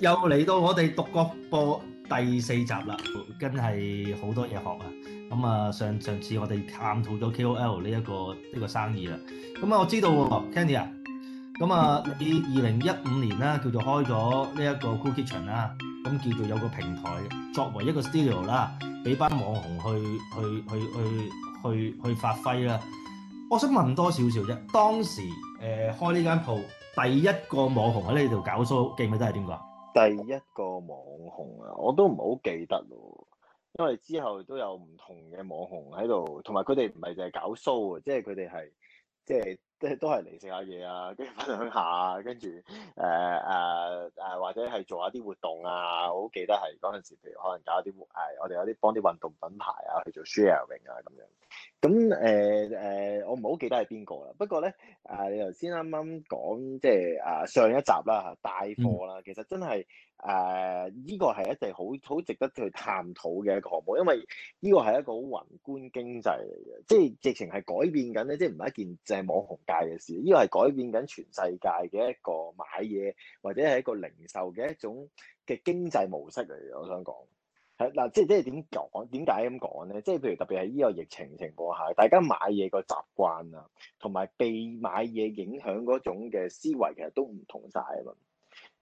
又嚟到我哋獨角播第四集啦，真係好多嘢學啊！咁啊，上次我哋探討咗 K.O.L 呢一個呢個生意啦。咁我知道 Candy 啊，咁啊，你二零一五年啦叫做開咗呢一個 Cooking Channel 啦，咁叫做有個平台作為一個 studio 啦，俾班網紅去去去去去去，去發揮啦。我想問多少少啫，當時誒、呃、開呢間鋪第一個網紅喺呢度搞 show，記唔記得係邊個？第一個網紅啊，我都唔好記得咯，因為之後都有唔同嘅網紅喺度，同埋佢哋唔係就係搞 show 即係佢哋係即係。即係都係嚟食下嘢啊，跟住分享下，跟住誒誒誒，或者係做下啲活動啊，我好記得係嗰陣時，譬如可能搞一啲誒，我哋有啲幫啲運動品牌啊去做 sharing 啊咁樣。咁誒誒，我唔好記得係邊個啦。不過咧，誒你頭先啱啱講即係誒上一集啦嚇帶貨啦，其實真係～誒，依、uh, 個係一啲好好值得去探討嘅一個項目，因為呢個係一個好宏觀經濟嚟嘅，即係直情係改變緊咧，即係唔係一件淨係網紅界嘅事，呢、這個係改變緊全世界嘅一個買嘢或者係一個零售嘅一種嘅經濟模式嚟嘅。我想講係嗱，即係即係點講？點解咁講咧？即係譬如特別係呢個疫情情況下，大家買嘢個習慣啊，同埋被買嘢影響嗰種嘅思維，其實都唔同晒啊嘛～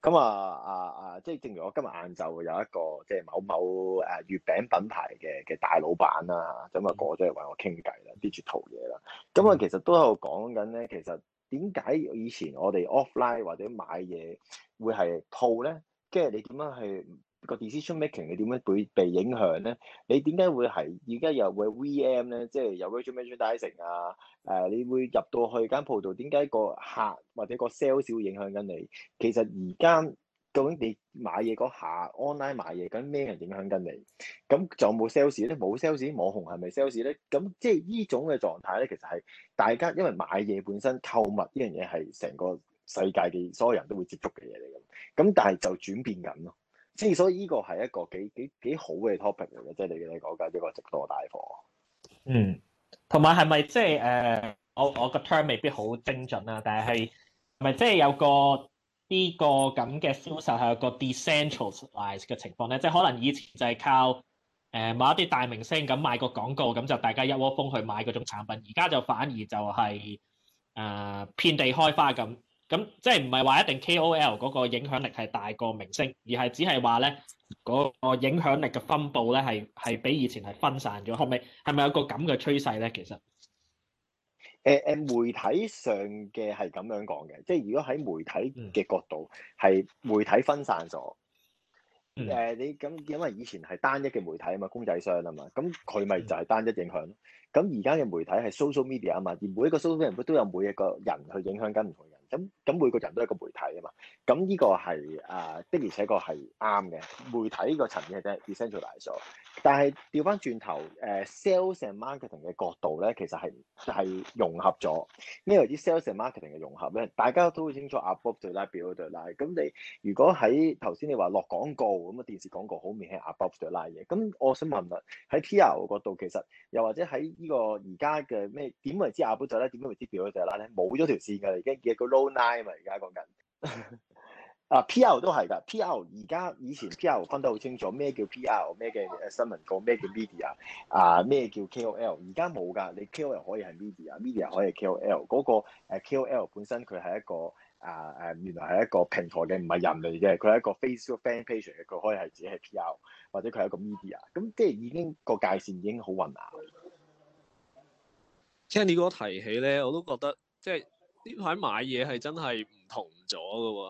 咁啊啊啊！即係正如我今日晏晝有一個即係某某誒月餅品牌嘅嘅大老闆啊，咁啊、mm hmm. 過咗嚟揾我傾偈啦，啲住套嘢啦。咁啊，其實都喺度講緊咧，其實點解以前我哋 offline 或者買嘢會係套咧？即係你點樣去？個 decision making 你點樣會被影響咧？你點解會係而家有個 VM 咧，即係有 Virtual Machine Dating 啊？誒、呃，你會入到去間鋪度點解個客或者個 sales 會影響緊你？其實而家究竟你買嘢嗰下 online 買嘢，究竟咩人影響緊你？咁仲有冇 sales 咧？冇 sales，網紅係咪 sales 咧？咁即係呢種嘅狀態咧，其實係大家因為買嘢本身購物呢樣嘢係成個世界嘅所有人都會接觸嘅嘢嚟㗎。咁但係就轉變緊咯。即所以呢個係一個幾幾幾好嘅 topic 嚟嘅，即係你你講緊依個直播大貨。嗯，同埋係咪即係誒？我我個 term 未必好精準啊，但係係咪即係有個呢個咁嘅銷售係有個 decentralized 嘅情況咧？即係可能以前就係靠誒某一啲大明星咁買個廣告，咁就大家一窩蜂去買嗰種產品。而家就反而就係誒遍地開花咁。咁即係唔係話一定 KOL 嗰個影響力係大過明星，而係只係話咧嗰個影響力嘅分佈咧係係比以前係分散咗，係咪係咪有個咁嘅趨勢咧？其實誒誒、呃呃、媒體上嘅係咁樣講嘅，即係如果喺媒體嘅角度係、嗯、媒體分散咗誒、嗯呃。你咁因為以前係單一嘅媒體啊嘛，公仔箱啊嘛，咁佢咪就係單一影響咯。咁而家嘅媒體係 social media 啊嘛，而每一個 social media 都有每一個人去影響緊唔同人。咁咁每個人都係個媒體啊嘛，咁呢個係啊、呃、的而且確係啱嘅，媒體呢個層面係真係 decentralised 咗。但係調翻轉頭，誒、呃、sales and marketing 嘅角度咧，其實係係融合咗，咩為啲 sales and marketing 嘅融合咧，大家都好清楚，above the line，below the line。咁你如果喺頭先你話落廣告咁啊，電視廣告好明顯係 above the line 嘅。咁我想問問喺 PR 嘅角度，其實又或者喺呢個而家嘅咩點解唔知 above the line 點解會跌 below the line 咧？冇咗條線㗎，已經見個 low online 嘛而家講緊啊 PR 都係㗎 PR 而家以前 PR 分得好清楚咩叫 PR 咩嘅誒新聞稿咩叫 media 啊咩叫 KOL 而家冇㗎你 KOL 可以係 media media 可以係 KOL 嗰個誒 KOL 本身佢係一個啊誒原來係一個平台嘅唔係人嚟嘅佢係一個 Facebook fan page 佢可以係自己係 PR 或者佢係一個 media 咁即係已經個界線已經好混淆即係你嗰個提起咧我都覺得即係。呢排買嘢係真係唔同咗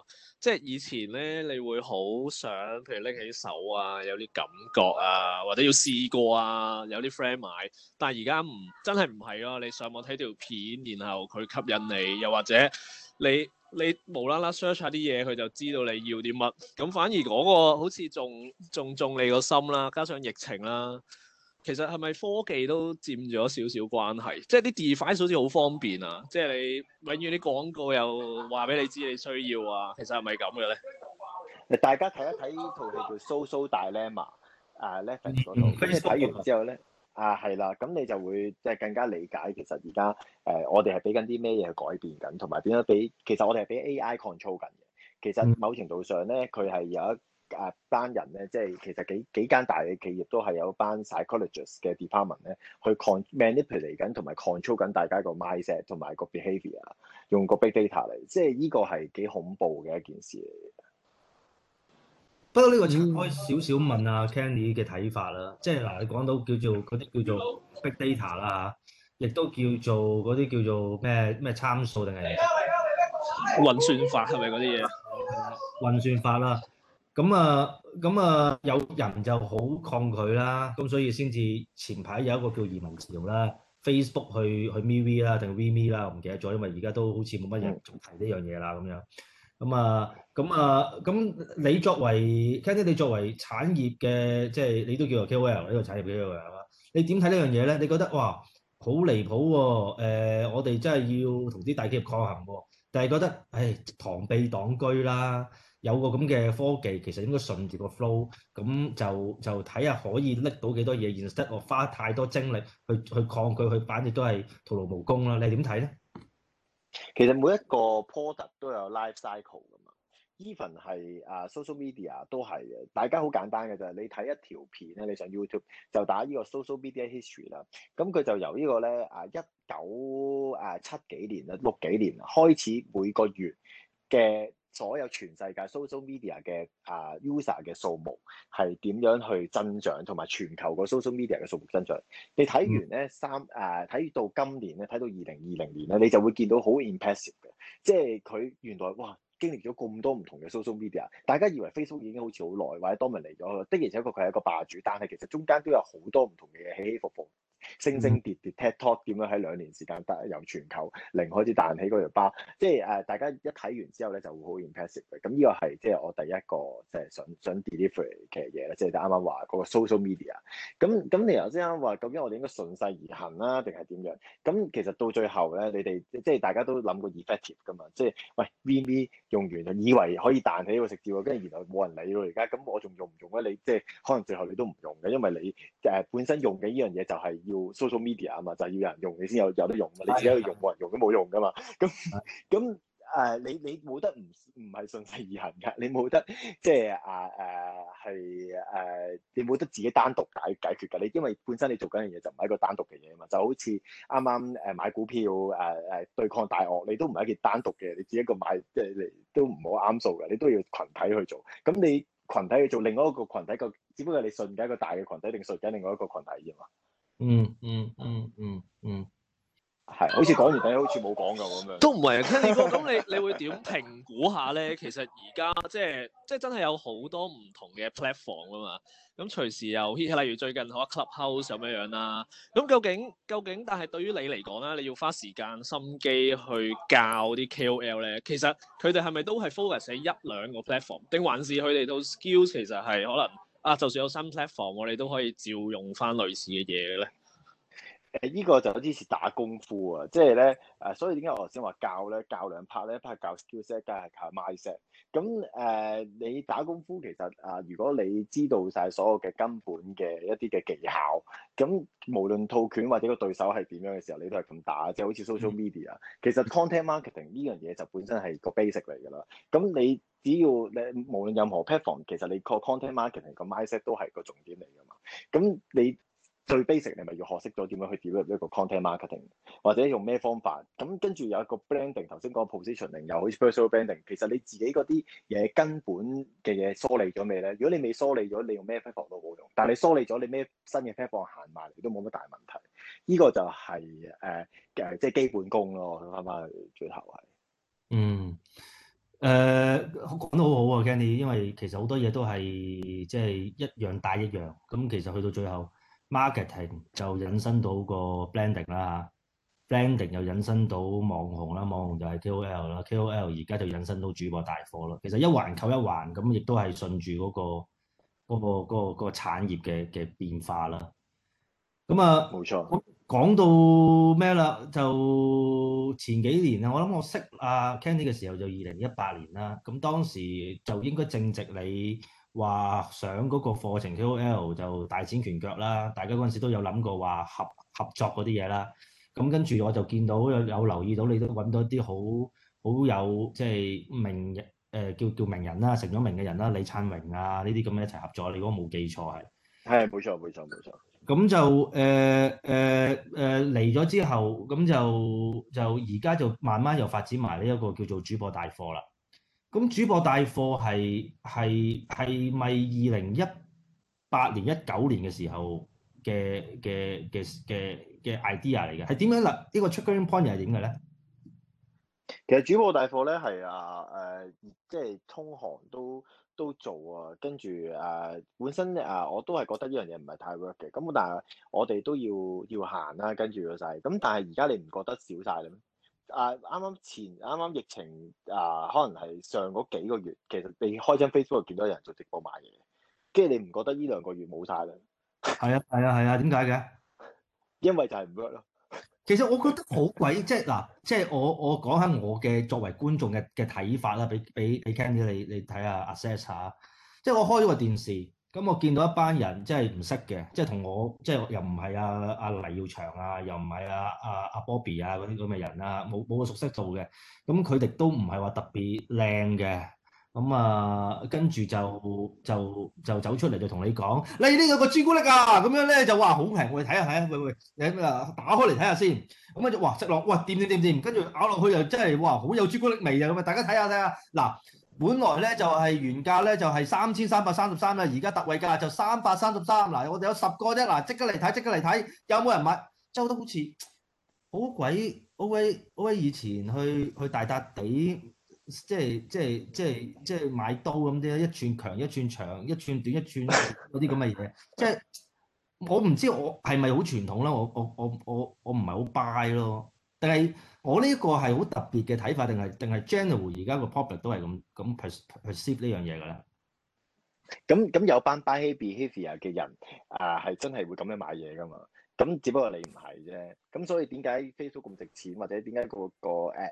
噶，即係以前咧，你會好想，譬如拎起手啊，有啲感覺啊，或者要試過啊，有啲 friend 買，但係而家唔真係唔係咯。你上網睇條片，然後佢吸引你，又或者你你無啦啦 search 下啲嘢，佢就知道你要啲乜。咁反而嗰個好似仲仲中你個心啦，加上疫情啦。其實係咪科技都佔咗少少關係？即係啲 device 好似好方便啊！即係你永遠啲廣告又話俾你知你需要啊！其實係咪咁嘅咧？大家睇一睇呢套叫 Soso 蘇大 so lemma》啊 n e t 跟住睇完之後咧，啊，係啦，咁你就會即係更加理解其實而家誒，我哋係俾緊啲咩嘢改變緊，同埋點樣俾？其實我哋係俾 AI control 緊嘅。其實某程度上咧，佢係有一。誒、啊、班人咧，即係其實幾幾間大嘅企業都係有班 psychologist 嘅 department 咧，去 manipulate 嚟緊同埋 control 緊大家 mind set，個 mindset 同埋個 behavior 啊，用個 big data 嚟，即係呢個係幾恐怖嘅一件事嚟。不過呢、呢個，我少少問啊 Kenny 嘅睇法啦，即係嗱，你講到叫做嗰啲叫做 big data 啦，亦都叫做嗰啲叫做咩咩參數定係運算法係咪嗰啲嘢？是是運算法啦。咁啊，咁啊，有人就好抗拒啦，咁所以先至前排有一個叫移民潮啦，Facebook 去去 MeWe 啦，定 WeMe 啦，我唔記得咗，因為而家都好似冇乜人仲提呢樣嘢啦，咁樣。咁啊，咁啊，咁你作為 Kenny 你作為產業嘅，即係你都叫做 KOL 呢個產業嘅 KOL 你點睇呢樣嘢咧？你覺得哇，好離譜喎、哦呃，我哋真係要同啲大企業抗衡喎、哦，定係覺得誒，螳臂擋車啦？有個咁嘅科技，其實應該順住個 flow，咁就就睇下可以拎到幾多嘢。現實得我花太多精力去去抗拒去反，亦都係徒勞無功啦。你點睇咧？其實每一個 product 都有 life cycle 㗎嘛，even 係啊 social media 都係嘅。大家好簡單嘅就係你睇一條片咧，你上 YouTube 就打呢個 social media history 啦。咁佢就由個呢個咧啊一九啊七幾年啦，六幾年開始每個月嘅。所有全世界 social media 嘅啊 user 嘅數目係點樣去增長，同埋全球個 social media 嘅數目增長，你睇完咧三誒睇，呃、到今年咧，睇到二零二零年咧，你就會見到好 impressive 嘅，即係佢原來哇經歷咗咁多唔同嘅 social media，大家以為 Facebook 已經好似好耐，或者 dominate 咗，的而且確佢係一個霸主，但係其實中間都有好多唔同嘅起起伏伏。升升跌跌，TED Talk，點樣喺兩年時間得由全球零開始彈起嗰條包？即係誒，大家一睇完之後咧就會好 impressive 嘅。咁呢個係即係我第一個即係想想 delivery 嘅嘢啦。即係啱啱話嗰個 social media。咁咁你頭先啱話，究竟我哋應該順勢而行啦、啊，定係點樣？咁其實到最後咧，你哋即係大家都諗過 effective 噶嘛？即係喂 MeWe 用完以為可以彈起呢個食字喎，跟住原來冇人理喎而家。咁我仲用唔用咧？你即係可能最後你都唔用嘅，因為你誒本身用嘅呢樣嘢就係、是。要 social media 啊嘛，就係、是、要有人用你先有有得用，自用，用，用嘛。你自己去用冇人用都冇用噶嘛。咁咁誒，你你冇得唔唔係順勢而行噶，你冇得即係啊誒係誒，你冇得自己單獨解解決噶。你因為本身你做緊樣嘢就唔係一個單獨嘅嘢啊嘛。就好似啱啱誒買股票誒誒、呃呃、對抗大鱷，你都唔係一件單獨嘅，你自己一個買即係你都唔好啱數噶，你都要群體去做。咁你群體去做，另外一個群體個，只不過你順緊一個大嘅群體，定順緊另外一個群體啫嘛。嗯嗯嗯嗯嗯，係，好似講完底好似冇講咁樣。都唔係聽你講咁你你會點評估下咧？其實而家即係即係真係有好多唔同嘅 platform 啊嘛。咁隨時又例如最近可 Clubhouse 咁樣樣啦、啊。咁究竟究竟，究竟但係對於你嚟講啦，你要花時間心機去教啲 KOL 咧，其實佢哋係咪都係 focus 喺一兩個 platform，定還是佢哋到 skill 其實係可能？啊，就算有新 platform 我哋都可以照用翻類似嘅嘢嘅咧。誒、呃，依、呢個就好似是打功夫啊，即係咧誒，所以點解我頭先話教咧？教兩拍咧，一拍教 skill set 一拍教 mindset。咁誒、呃，你打功夫其實啊、呃，如果你知道晒所有嘅根本嘅一啲嘅技巧，咁無論套拳或者個對手係點樣嘅時候，你都係咁打。即、就、係、是、好似 social media，其實 content marketing 呢樣嘢就本身係個 basic 嚟㗎啦。咁你。只要你無論任何 platform，其實你個 content marketing 個 mindset 都係個重點嚟㗎嘛。咁你最 basic，你咪要學識咗點樣去 develop 一個 content marketing，或者用咩方法。咁跟住有一個 branding，頭先講 positioning，又好似 personal branding，其實你自己嗰啲嘢根本嘅嘢梳理咗未咧？如果你未梳理咗，你用咩 platform 都冇用。但係你梳理咗，你咩新嘅 platform 行埋嚟都冇乜大問題。呢、這個就係誒誒，即、呃、係、就是、基本功咯。翻返去最後係。嗯。誒、uh, 講得好好啊 Kenny 因為其實好多嘢都係即係一樣帶一樣，咁其實去到最後，marketing 就引申到個 branding 啦，branding 又引申到網紅啦，網紅就係 KOL 啦，KOL 而家就引申到主播帶貨啦，其實一環扣一環，咁亦都係順住嗰、嗰個嗰、嗰個嗰、嗰個嗰個產業嘅嘅、嗰個、變化啦，咁啊，冇錯。講到咩啦，就前幾年啦，我諗我識阿 Candy 嘅時候就二零一八年啦。咁當時就應該正值你話上嗰個課程 KOL 就大展拳腳啦。大家嗰陣時都有諗過話合合作嗰啲嘢啦。咁跟住我就見到有有留意到你都揾到一啲好好有即係、就是、名人誒、呃、叫叫名人啦，成咗名嘅人啦，李燦榮啊呢啲咁嘅一齊合作。你如果冇記錯係？係冇錯冇錯冇錯，咁就誒誒誒嚟咗之後，咁就就而家就慢慢又發展埋呢一個叫做主播帶貨啦。咁主播帶貨係係係咪二零一八年一九年嘅時候嘅嘅嘅嘅嘅 idea 嚟嘅？係點樣嗱？這個、樣呢個 trigger point 係點嘅咧？其實主播帶貨咧係啊誒、呃，即係通航都。都做啊，跟住誒，本身誒、啊、我都係覺得呢樣嘢唔係太 work 嘅，咁但係我哋都要要行啦、啊，跟住嗰陣，咁但係而家你唔覺得少晒啦？啊，啱啱前啱啱疫情啊，可能係上嗰幾個月，其實你開張 Facebook 見到有人做直播買嘢嘅，跟住你唔覺得呢兩個月冇晒啦？係啊，係啊，係啊，點解嘅？ 因為就係唔 work 咯。其實我覺得好鬼，即係嗱，即係我我講下我嘅作為觀眾嘅嘅睇法啦，俾俾俾 Kenny 你你睇下，assess 下。即係我開咗個電視，咁我見到一班人，即係唔識嘅，即係同我即係又唔係阿阿黎耀祥啊，又唔係阿阿阿 Bobby 啊嗰啲咁嘅人啊，冇冇個熟悉度嘅，咁佢哋都唔係話特別靚嘅。咁、嗯、啊，跟住就就就走出嚟就同你講， 你呢個個朱古力啊，咁樣咧就話好平，我哋睇下睇下，喂喂，你啊打開嚟睇下先，咁啊，哇食落，哇掂掂掂掂，跟住咬落去又真係哇好有朱古力味啊，咁啊，大家睇下睇下，嗱，本來咧就係原價咧就係三千三百三十三啦，而家特惠價就三百三十三，嗱，我哋有十個啫，嗱，即刻嚟睇，即刻嚟睇，有冇人買？周係得好似好鬼好鬼好鬼以前去去大笪地。即係即係即係即係買刀咁啲一寸長一寸強，一寸短一寸嗰啲咁嘅嘢。即係我唔知我係咪好傳統啦。我我我我我唔係好 buy 咯。定係我呢一個係好特別嘅睇法，定係定係 general 而家個 public 都係咁咁 perceive 呢樣嘢㗎啦。咁咁有班 buy behavior 嘅人啊，係真係會咁樣買嘢㗎嘛？咁只不過你唔係啫，咁所以點解 Facebook 咁值錢，或者點解個個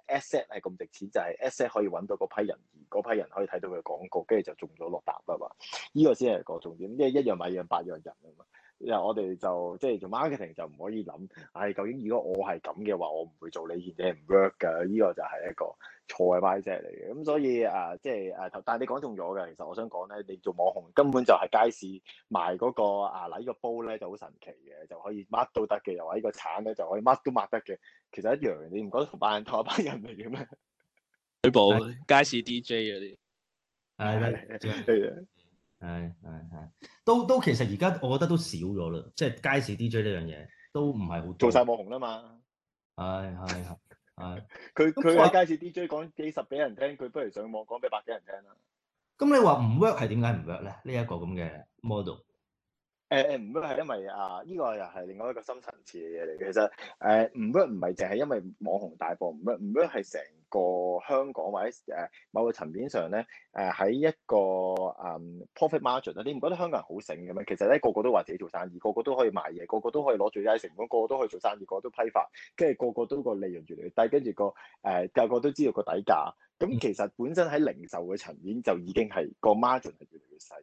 asset 係咁值錢，就係 asset 可以揾到嗰批人，嗰批人可以睇到佢嘅廣告，跟住就中咗落答啊嘛，依個先係個重點，即係一樣買一樣百樣人啊嘛。因為我哋就即係做 marketing 就唔可以諗，唉、哎，究竟如果我係咁嘅話，我唔會做你，而且唔 work 噶，呢、這個就係一個錯位邏輯嚟嘅。咁、嗯、所以啊，即係誒、啊，但係你講中咗嘅。其實我想講咧，你做網紅根本就係街市賣嗰個牙、啊、籤、這個煲咧，就好神奇嘅，就可以乜都得嘅。又話呢個鏟咧就可以乜都抹得嘅。其實一樣，你唔覺得同班人一班人嚟嘅咩？舉報街市 DJ 啊！你 吧 係係係，都都其實而家我覺得都少咗啦，即係街市 DJ 呢樣嘢都唔係好做，做晒網紅啦嘛。係係係，佢佢喺街市 DJ 講幾十俾人聽，佢不如上網講俾百幾人聽啦。咁你話唔 work 係點解唔 work 咧？呢一個咁嘅 model，誒誒唔 work 係因為啊呢個又係另外一個深層次嘅嘢嚟嘅。其實誒唔 work 唔係淨係因為網紅大波唔 work，唔 work 係成。唔 work 唔 work 個香港或者誒某個層面上咧，誒、呃、喺一個誒、嗯、profit margin 咧，你唔覺得香港人好醒嘅咩？其實咧個個都話自己做生意，個個都可以賣嘢，個個都可以攞最低成本，個個都可以做生意，個個都批發，跟住個個都個利潤越嚟越低，跟住個誒、呃、個個都知道個底價。咁其實本身喺零售嘅層面就已經係個 margin 係越嚟越細。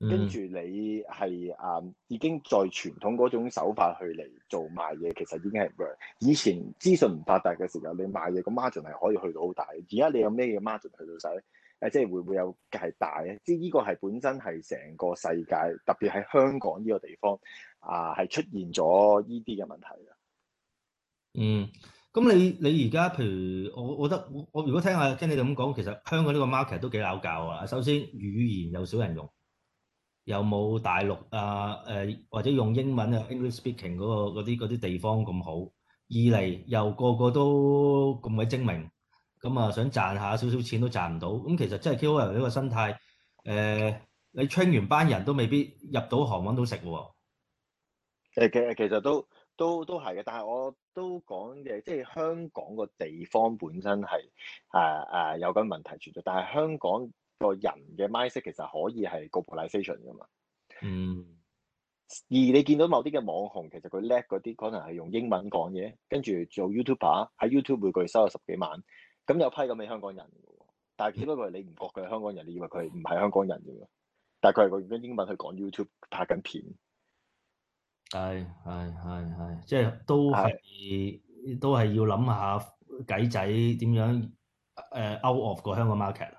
跟住、嗯、你係誒、嗯、已經再傳統嗰種手法去嚟做賣嘢，其實已經係 work。以前資訊唔發達嘅時候，你賣嘢個 margin 係可以去到好大。而家你有咩嘅 margin 去到曬咧？誒、啊，即係會唔會有係大咧？即係依個係本身係成個世界，特別喺香港呢個地方啊，係出現咗依啲嘅問題啊。嗯，咁你你而家譬如我覺得我，我如果聽下聽你哋咁講，其實香港呢個 market 都幾拗教啊。首先語言有少人用。有冇大陸啊？誒、呃、或者用英文啊，English speaking 嗰啲啲地方咁好？二嚟又個個都咁鬼精明，咁啊想賺下少少錢都賺唔到。咁、嗯、其實真係 KOL 呢個生態，誒、呃、你 train 完班人都未必入到行揾到食喎。誒嘅其實都都都係嘅，但係我都講嘅，即、就、係、是、香港個地方本身係誒誒有咁問題存在，但係香港，個人嘅 Mindset 其實可以係 globalization 噶嘛，嗯，而你見到某啲嘅網紅，其實佢叻嗰啲可能係用英文講嘢，跟住做 YouTuber 喺 YouTube 每個月收入十幾萬，咁有批咁嘅香、香港人，但係只不過係你唔覺嘅香港人，你以為佢唔係香港人嘅，但係佢係用緊英文去講 YouTube 拍緊片，係係係係，即係都係的都係要諗下鬼仔點樣誒、uh, out of 個香港 market。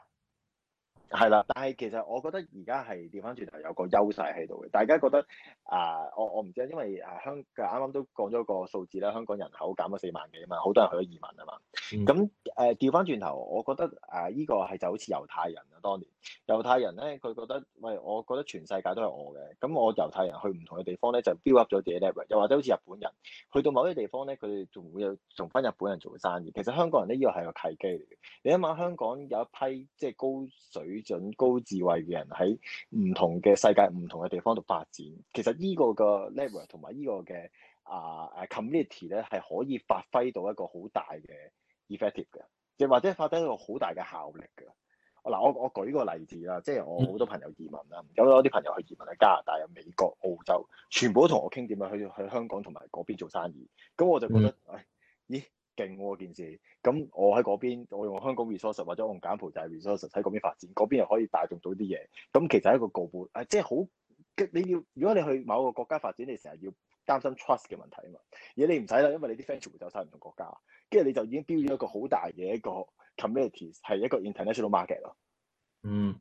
係啦，但係其實我覺得而家係調翻轉頭有個優勢喺度嘅。大家覺得啊、呃，我我唔知啊，因為啊香港啱啱都講咗個數字啦，香港人口減咗四萬幾啊嘛，好多人去咗移民啊嘛。咁誒調翻轉頭，我覺得誒依、呃呢個係就好似猶太人啊，當年猶太人咧，佢覺得喂，我覺得全世界都係我嘅，咁我猶太人去唔同嘅地方咧就 build up 咗自己嘅 network 又或者好似日本人去到某啲地方咧，佢哋仲會有仲翻日本人做生意。其實香港人咧依個係個契機嚟嘅。你諗下，香港有一批即係高水水，準高智慧嘅人喺唔同嘅世界、唔同嘅地方度發展，其實呢個嘅 level 同埋呢個嘅啊誒 community 咧，係可以發揮到一個好大嘅 effective 嘅，亦或者發揮到好大嘅效力嘅。嗱，我我舉個例子啦，即係我好多朋友移民啦，有好多啲朋友去移民喺加拿大、美國、澳洲，全部都同我傾點啊，去去香港同埋嗰邊做生意，咁我就覺得誒，你、嗯。哎咦勁喎件事，咁我喺嗰邊，我用香港 resource 或者用柬埔寨 resource 喺嗰邊發展，嗰邊又可以帶動到啲嘢，咁其實係一個告本，誒，即係好，你要如果你去某個國家發展，你成日要擔心 trust 嘅問題啊嘛，而你唔使啦，因為你啲 friend 全部走晒唔同國家，跟住你就已經標咗個好大嘅一個 community，係一個 international market 咯。嗯，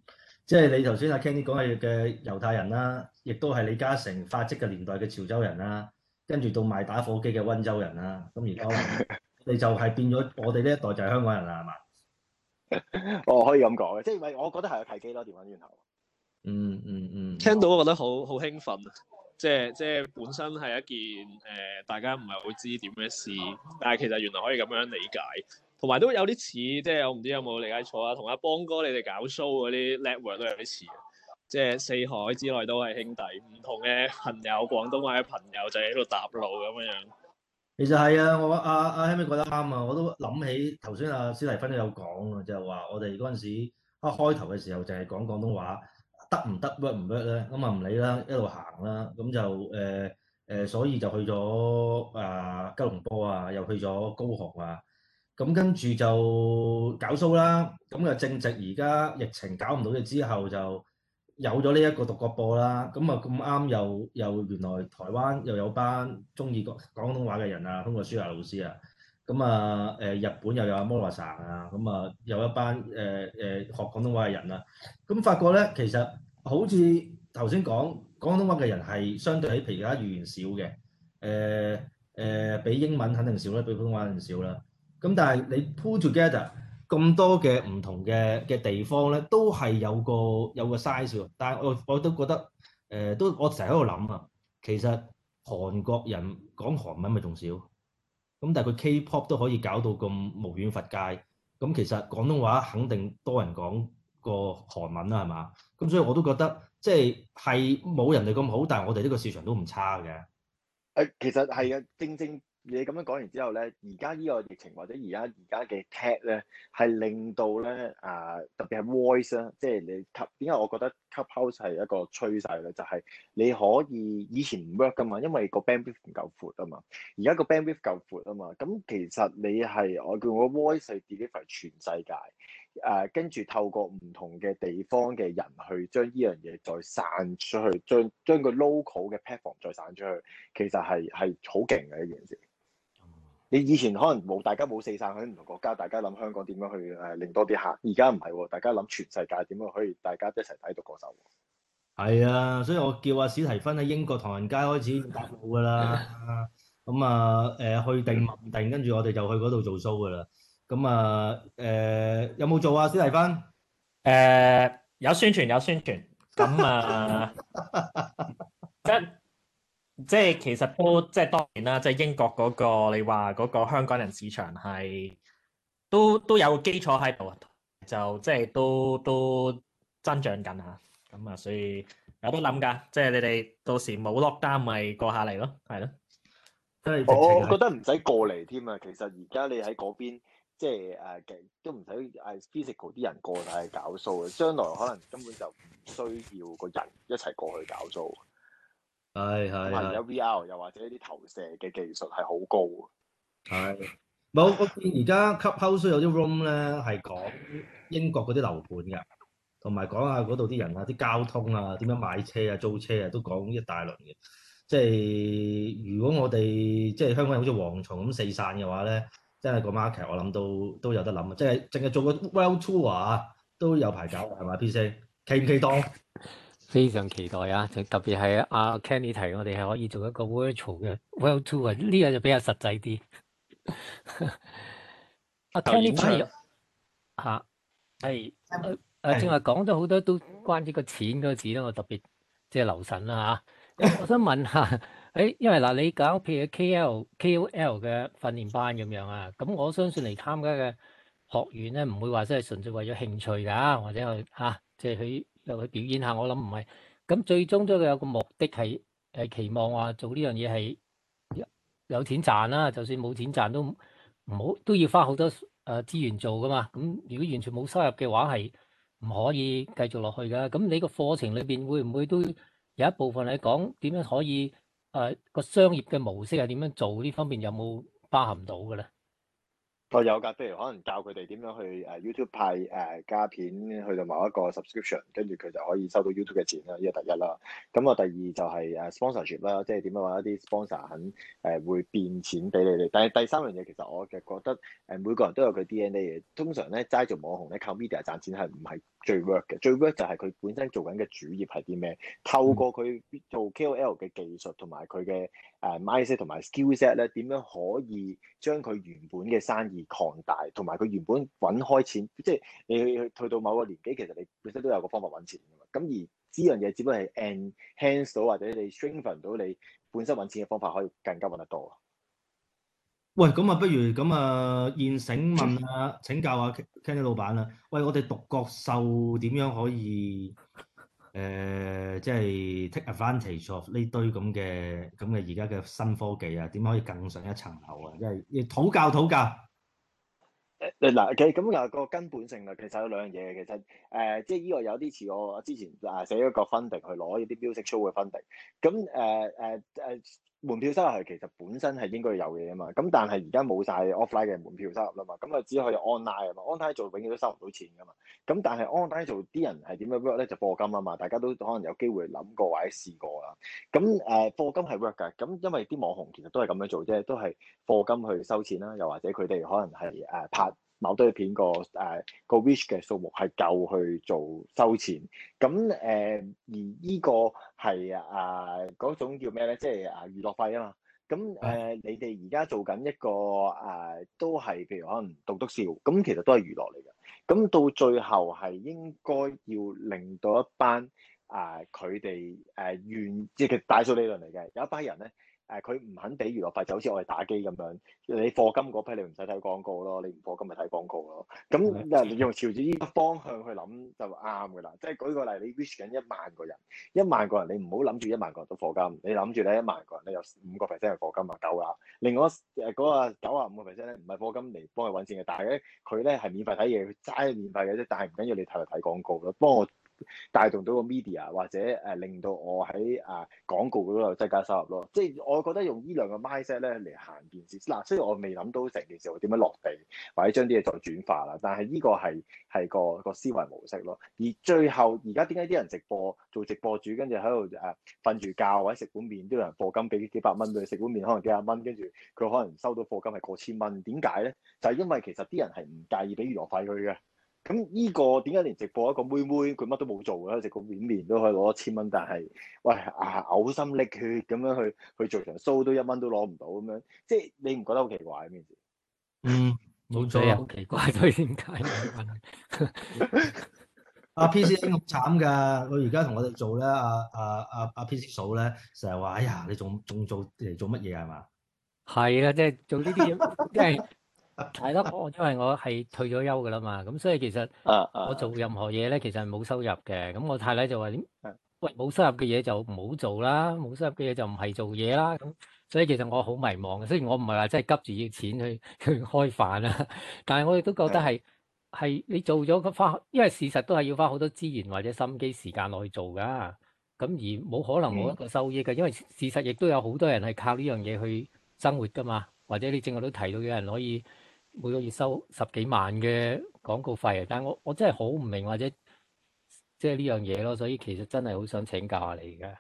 即係你頭先阿 Kenny 講嘅嘅猶太人啦，亦都係李嘉誠發跡嘅年代嘅潮州人啦，跟住到賣打火機嘅溫州人啦，咁而家。你就係變咗，我哋呢一代就係香港人啦，係嘛？哦，可以咁講嘅，即係咪？我覺得係個契機咯，電話轉頭。嗯嗯嗯。聽到我覺得好好興奮，即係即係本身係一件誒，大家唔係好知點嘅事，但係其實原來可以咁樣理解，同埋都有啲似，即係我唔知有冇理解錯啊。同阿邦哥你哋搞 show 嗰啲 network 都有啲似，即係四海之內都係兄弟，唔同嘅朋友，廣東話嘅朋友就喺度搭路咁樣。其實係啊，我阿阿希妹覺得啱啊，啊啊 en, 我都諗起頭先阿史提芬都有講啊，就係、是、話我哋嗰陣時啊，開頭嘅時候就係講廣東話得唔得，work 唔 work 咧，咁啊唔理啦，一路行啦，咁就誒誒、呃，所以就去咗啊、呃、吉隆坡啊，又去咗高雄啊，咁、嗯、跟住就搞 show 啦，咁、嗯、啊正值而家疫情搞唔到嘅之後就。有咗呢一個獨角播啦，咁啊咁啱又又原來台灣又有班中意廣廣東話嘅人啊，通過書華老師啊，咁啊誒日本又有阿摩拉薩啊，咁啊有一班誒誒學廣東話嘅人啊，咁發覺咧其實好似頭先講廣東話嘅人係相對喺其他語言少嘅，誒、呃、誒、呃、比英文肯定少啦，比普通話肯定少啦，咁但係你 put together。咁多嘅唔同嘅嘅地方咧，都係有個有個 size。但係我我都覺得誒、呃，都我成日喺度諗啊。其實韓國人講韓文咪仲少咁，但係佢 K-pop 都可以搞到咁無遠弗屆。咁、嗯、其實廣東話肯定多人講過韓文啦，係嘛？咁所以我都覺得即係係冇人哋咁好，但係我哋呢個市場都唔差嘅。誒，其實係啊，正正。你咁樣講完之後咧，而家呢個疫情或者而家而家嘅 tech 咧，係令到咧啊、呃，特別係 voice 啦，即係你吸點解我覺得 Clubhouse 係一個趨勢咧，就係你可以以前唔 work 噶嘛，因為個 bandwidth 唔夠闊啊嘛。而家個 bandwidth 夠闊啊嘛，咁其實你係我叫我 voice deliver 全世界誒，跟、呃、住透過唔同嘅地方嘅人去將呢樣嘢再散出去，將將個 local 嘅 pad 房再散出去，其實係係好勁嘅一件事。你以前可能冇，大家冇四散去唔同國家，大家諗香港點樣去誒、呃、令多啲客。而家唔係喎，大家諗全世界點樣可以大家一齊睇到歌手。係啊，所以我叫阿、啊、史提芬喺英國唐人街開始打舞㗎啦。咁、 嗯、啊誒、呃、去定問定，跟住我哋就去嗰度做 show 噶啦。咁、嗯、啊誒、呃、有冇做啊，史提芬？誒有宣傳有宣傳。咁啊跟。 即係其實都即係當然啦，即係英國嗰個你話嗰個香港人市場係都都有基礎喺度，就即係都都增長緊吓。咁啊，所以有得諗㗎。即係你哋到時冇落單咪過下嚟咯，係咯。我覺得唔使過嚟添啊。其實而家你喺嗰邊即係誒都唔使誒 physical 啲人過嚟搞數嘅。將來可能根本就唔需要個人一齊過去搞數。係係，是是是有 VR，又或者啲投射嘅技術係好高。係，冇我見而家 Clubhouse 有啲 room 咧，係講英國嗰啲樓盤噶，同埋講下嗰度啲人啊，啲交通啊，點樣買車啊，租車啊，都講一大輪嘅。即係如果我哋即係香港人好似蝗蟲咁四散嘅話咧，真係個 market 我諗都都有得諗。即係淨係做個 world tour 啊，都有排搞係嘛？P C 期唔期待？非常期待啊！特別係阿、啊、Kenny 提，我哋係可以做一個 virtual 嘅 world tour 啊，呢個就比較實際啲。阿 Kenny 嚇係誒，正話講咗好多都關於個錢嗰個字啦，我特別即係留神啦、啊、嚇。 我想問下，誒、哎，因為嗱，你搞譬如 KL KOL 嘅訓練班咁樣啊，咁我相信嚟參加嘅學員咧，唔會話真係純粹為咗興趣㗎、啊，或者係嚇，即係佢。即係去就去表演下，我諗唔係咁，最終都有個目的係誒，期望話做呢樣嘢係有有錢賺啦、啊。就算冇錢賺都唔好都要花好多誒資源做噶嘛。咁如果完全冇收入嘅話，係唔可以繼續落去噶。咁你個課程裏邊會唔會都有一部分係講點樣可以誒個、呃、商業嘅模式係點樣做呢？方面有冇包含到嘅咧？我有㗎，譬如可能教佢哋點樣去誒 YouTube 派誒、呃、加片去到某一個 subscription，跟住佢就可以收到 YouTube 嘅錢啦。呢個第一啦。咁啊，第二就係誒 sponsorship 啦，即係點樣話一啲 sponsor 肯誒會變錢俾你哋。但係第三樣嘢，其實我嘅覺得誒每個人都有佢 DNA 嘅。通常咧齋做網紅咧靠 media 賺錢係唔係最 work 嘅？最 work 就係佢本身做緊嘅主業係啲咩？透過佢做 KOL 嘅技術同埋佢嘅。誒 Mindset 同埋 Skillset 咧，點樣可以將佢原本嘅生意擴大，同埋佢原本揾開錢？即係你去去到某個年紀，其實你本身都有個方法揾錢㗎嘛。咁而呢樣嘢只不過係 enhance 到或者你 strengthen 到你本身揾錢嘅方法，可以更加揾得多。喂，咁啊，不如咁啊，現醒問啊，請教下 Kenny 老闆啦、啊。喂，我哋獨角獸點樣可以？誒，即係、呃就是、take advantage of 呢堆咁嘅咁嘅而家嘅新科技啊，點可以更上一層樓啊？即、就、係、是、要討教討教。誒嗱，OK，咁嗱個根本性啊，其實有兩樣嘢，其實誒、呃，即係依、這個有啲似我之前啊寫咗個 funding 去攞呢啲 music show 嘅 funding 咁誒誒誒。呃呃呃門票收入係其實本身係應該有嘅嘢啊嘛，咁但係而家冇晒 offline 嘅門票收入啦嘛，咁啊只可以 online 啊嘛，online 做永遠都收唔到錢噶嘛，咁但係 online 做啲人係點樣 work 咧就課金啊嘛，大家都可能有機會諗過或者試過啦，咁誒課金係 work 㗎，咁因為啲網紅其實都係咁樣做啫，都係課金去收錢啦，又或者佢哋可能係誒拍。某多啲片個誒個 reach 嘅數目係夠去做收錢，咁誒、uh, 而呢個係啊嗰種叫咩咧？即係啊娛樂費啊嘛。咁誒、uh, 你哋而家做緊一個誒、uh, 都係譬如可能棟篤笑，咁其實都係娛樂嚟嘅。咁到最後係應該要令到一班啊佢哋誒願，即、uh, 係、uh, 大數理論嚟嘅，有一班人咧。誒佢唔肯俾娛樂費，就好似我哋打機咁樣。你課金嗰批你唔使睇廣告咯，你唔課金咪睇廣告咯。咁你用朝住呢個方向去諗就啱嘅啦。即係舉個例，你 reach 緊一萬個人，一萬個人你唔好諗住一萬個人都課金，你諗住咧一萬個人你有五個 percent 係課金啊，夠啦。另外誒嗰個九啊五個 percent 咧唔係課金嚟幫佢揾錢嘅，但係咧佢咧係免費睇嘢，佢齋免費嘅啫。但係唔緊要你睇咪睇廣告咯，幫我，帶動到個 media 或者誒令到我喺啊廣告嗰度增加收入咯，即係我覺得用呢兩個 mindset 咧嚟行件事，嗱雖然我未諗到成件事會點樣落地或者將啲嘢再轉化啦，但係呢個係係個個思維模式咯。而最後而家點解啲人直播做直播主，跟住喺度誒瞓住覺或者食碗麵都有人課金俾幾百蚊佢食碗麵，可能幾廿蚊，跟住佢可能收到課金係過千蚊，點解咧？就係、是、因為其實啲人係唔介意俾娛樂費佢嘅。咁呢個點解連直播一個妹妹佢乜都冇做嘅直播面面都可以攞一千蚊，但係喂啊嘔心瀝血咁樣去去做場 show 都一蚊都攞唔到咁樣，即係你唔覺得好奇怪咩事？嗯，冇錯，好奇怪都係點解？阿 PC 好慘㗎，佢而家同我哋做咧，阿阿阿阿 PC 數咧，成日話哎呀，你仲仲做嚟做乜嘢係嘛？係啦，即係做呢啲嘢即係。係咯，我因為我係退咗休嘅啦嘛，咁所以其實我做任何嘢咧，其實係冇收入嘅。咁我太太就話點？喂，冇收入嘅嘢就唔好做啦，冇收入嘅嘢就唔係做嘢啦。咁所以其實我好迷茫嘅。雖然我唔係話真係急住要錢去去開飯啦，但係我亦都覺得係係你做咗個花，因為事實都係要花好多資源或者心機時間落去做㗎。咁而冇可能冇一個收益嘅，因為事實亦都有好多人係靠呢樣嘢去生活㗎嘛。或者你正話都提到有人可以。每個月收十幾萬嘅廣告費，但我我真係好唔明白或者即係呢樣嘢咯，所以其實真係好想請教下你嘅。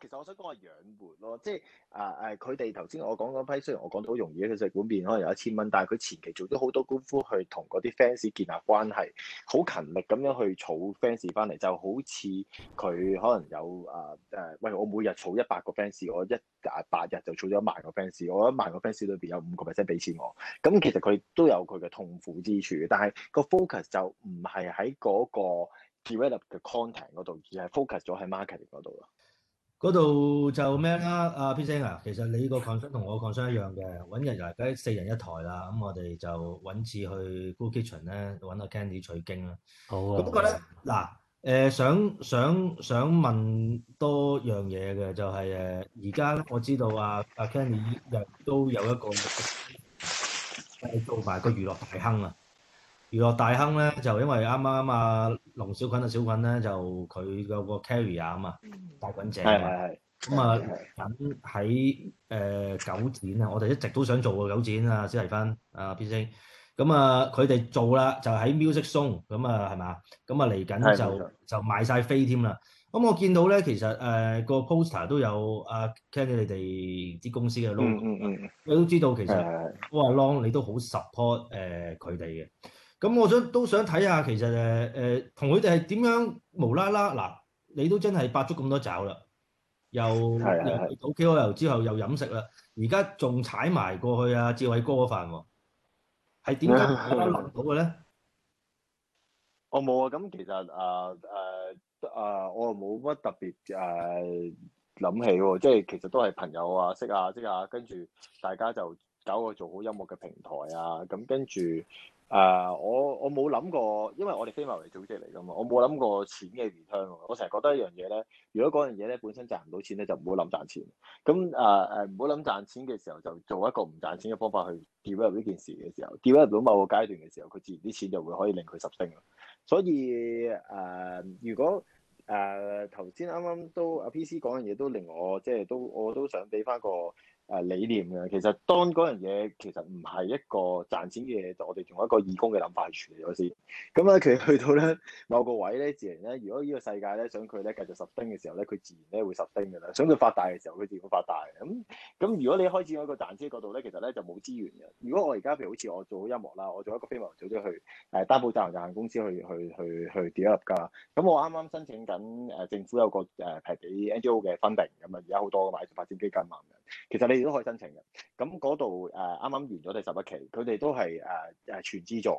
其實我想講係養活咯，即係啊誒，佢哋頭先我講嗰批，雖然我講到好容易咧，佢管變可能有一千蚊，但係佢前期做咗好多功夫去同嗰啲 fans 建立關係，好勤力咁樣去儲 fans 翻嚟，就好似佢可能有啊誒、呃，喂我每日儲一百個 fans，我一啊八日就儲咗一萬個 fans，我一萬個 fans 裏邊有五個 percent 俾錢我。咁其實佢都有佢嘅痛苦之處，但係個 focus 就唔係喺嗰個 develop 嘅 content 嗰度，而係 focus 咗喺 marketing 嗰度咯。嗰度就咩啦？阿 Peter 啊，ing, 其實你依個 concern 同我 concern 一樣嘅，揾日又嚟緊四人一台啦。咁我哋就揾次去 Goo k i t 咧，揾阿 Candy 取經啦。好啊。咁不過嗱誒，想想想問多樣嘢嘅，就係誒，而家咧我知道啊，阿、啊、Candy 又都有一個製做埋個娛樂大亨啊。娛樂大亨咧，就因為啱啱啊龍小菌啊小菌咧，就佢個個 carrier 啊嘛，大菌者啊嘛。咁啊，喺誒是是、呃、九展啊，我哋一直都想做個九展啊，小提芬啊，B C。咁啊，佢哋、啊、做啦，就喺 Music Zone 咁啊，係嘛？咁啊，嚟緊就是是是就賣曬飛添啦。咁沒錯 我見到咧，其實誒個 poster 都有啊，Kenny 你哋啲公司嘅 logo 嗯嗯。嗯你、嗯嗯、都知道其實我話 long 你都好 support 誒佢哋嘅。啊。咁我想都想睇下，其實誒誒，同佢哋係點樣無啦啦嗱？你都真係百足咁多爪啦，又，係啊又 OK，我又係啊之後又飲食啦，而家仲踩埋過去啊，志偉哥嗰飯喎，係點解啱啱諗到嘅咧？我冇啊，咁其實啊誒啊，我冇乜特別誒諗、呃、起喎，即係其實都係朋友啊，識啊識啊，跟住大家就搞個做好音樂嘅平台啊，咁跟住。誒、uh，我我冇諗過，因為我哋非牟利組織嚟㗎嘛，我冇諗過錢嘅 return。我成日覺得一樣嘢咧，如果嗰樣嘢咧本身賺唔到錢咧，就唔好諗賺錢。咁誒誒，唔好諗賺錢嘅時候，就做一個唔賺錢嘅方法去 develop 呢件事嘅時候，develop 到某個階段嘅時候，佢自然啲錢就會可以令佢十升。所以誒，uh, 如果誒頭先啱啱都阿 PC 講嘅嘢都令我即係、就是、都我都想俾翻個。誒理念嘅，其實當嗰樣嘢其實唔係一個賺錢嘅嘢，就我哋仲有一個義工嘅諗法去處理咗先。咁咧，其實去到咧某個位咧，自然咧，如果呢個世界咧想佢咧繼續十丁嘅時候咧，佢自然咧會十丁㗎啦。想佢發大嘅時候，佢自，自然會發大。咁咁如果你開始喺一個賺錢角度咧，其實咧就冇資源嘅。如果我而家譬如好似我做音樂啦，我做一個非牟利組織去誒擔、呃、保責任有限公司去去去去 develop 咁我啱啱申請緊誒政府有個誒派俾 NGO 嘅 funding 咁啊，而家好多嘅發展基金啊，其實你，都可以申請嘅，咁嗰度誒啱啱完咗第十一期，佢哋都係誒誒全資助，